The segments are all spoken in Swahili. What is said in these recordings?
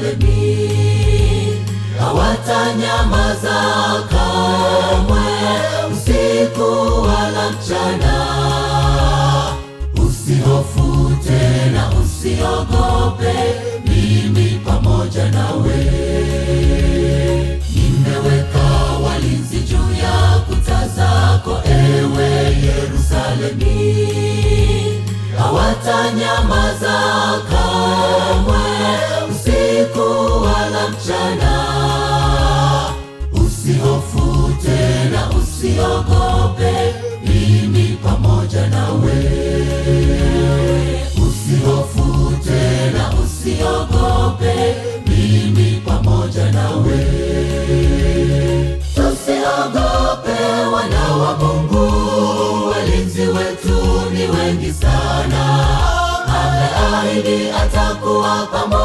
Wanaokusaliti hawatanyamaza kamwe, usiku wala mchana. Usihofu tena, usiogope.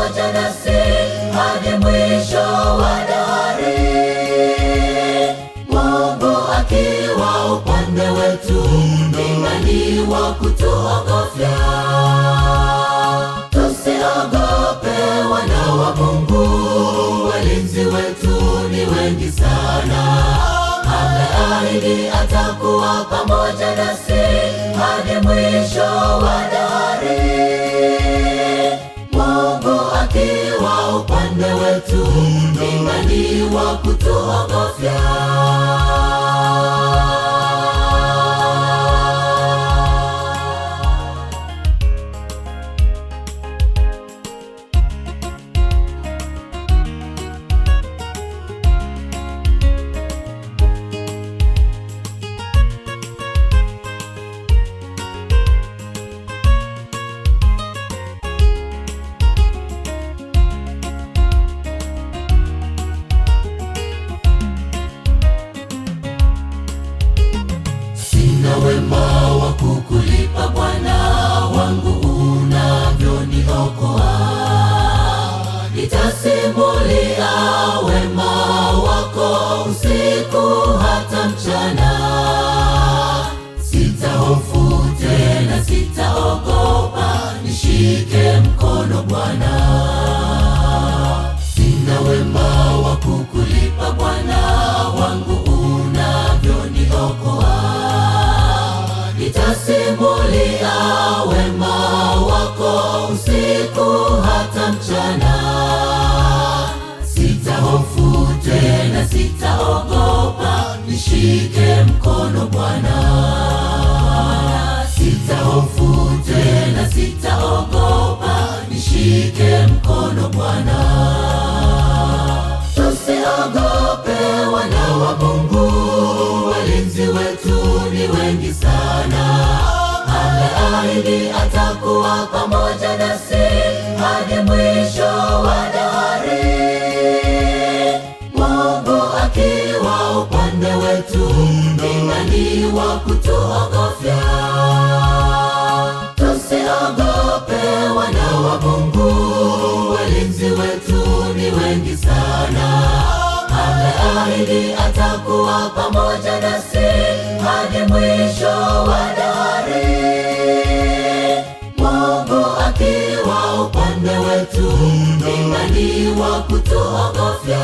pamoja nasi hadi mwisho wa dari, Mungu akiwa upande wetu, ni nani wa kutuogofya? Tusiogope wana wa Mungu, walinzi wetu ni wengi sana. Ameahidi atakuwa pamoja nasi hadi mwisho wa dari. Wapi wa upande wetu? Ni nani wa kutuogofya? Bwana, sina wema wa kukulipa Bwana wangu unavyoniokoa. Nitasimulia wema wako usiku hata mchana, sitahofu tena, sitaogopa nishi Tushike mkono Bwana, tusiogope. Wana wa Mungu, walinzi wetu ni wengi sana. Ameahidi atakuwa pamoja nasi hadi mwisho wa dahari. Mungu akiwa upande wetu, ni nani wa kutuogofya? Mungu walinzi wetu ni wengi sana. Ameahidi atakuwa pamoja nasi hadi mwisho wa dahari. Mungu akiwa upande wetu, ni nani wa kutuogofya?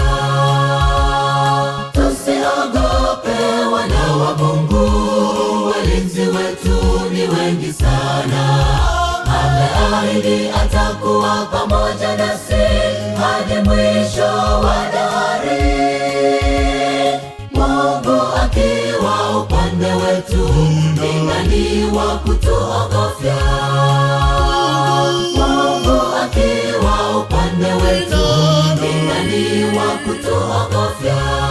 Tusiogope wana wa Mungu, walinzi wetu ni wengi sana ahidi atakuwa pamoja nasi hadi mwisho wa dahari, Mungu akiwa upande wetu, ni nani wa kutuogofya? Mungu akiwa upande wetu, ni nani wa kutuogofya?